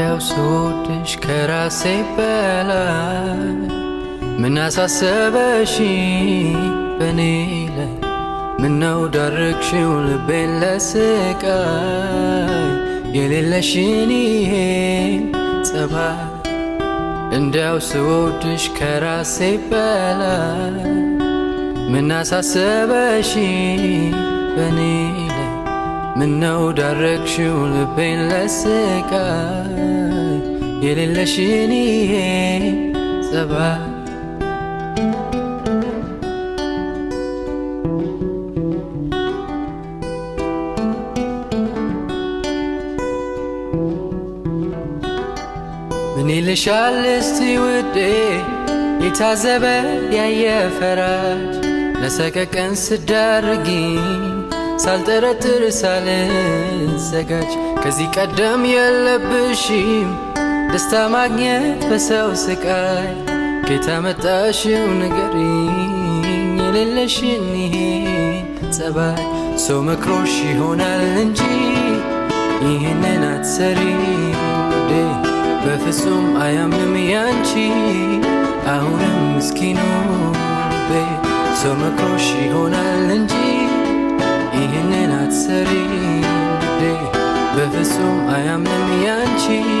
ያው ስወድሽ ከራሴ በላይ ምን አሳሰበሽ በኔ ላይ ምነው ዳረግሽው ልቤን ለስቃይ የሌለሽን ይሄን ጸባይ እንዲያው ስወድሽ ከራሴ በላይ ምን አሳሰበሽ በኔ ምነው ዳረግሽው ልቤን ለስቃይ የሌለሽን ይሄ ጸባይ ምን ይልሻል እስቲ ውዴ የታዘበ ያየ ፈራጅ ለሰቀቀን ስዳርጊ ሳልጠረጥር ሳልዘጋጅ ከዚህ ቀደም የለብሽም ደስታ ማግኘት በሰው ስቃይ ጌታ መጣሽው ንገሪኝ የሌለሽን ይሄ ጸባይ ሰው መክሮሽ ይሆናል እንጂ ይህንን አትሰሪ ዴ በፍጹም አያምንም ያንቺ አሁንም ምስኪኑ ቤ ሰው መክሮሽ ይሆናል I am Limianchi.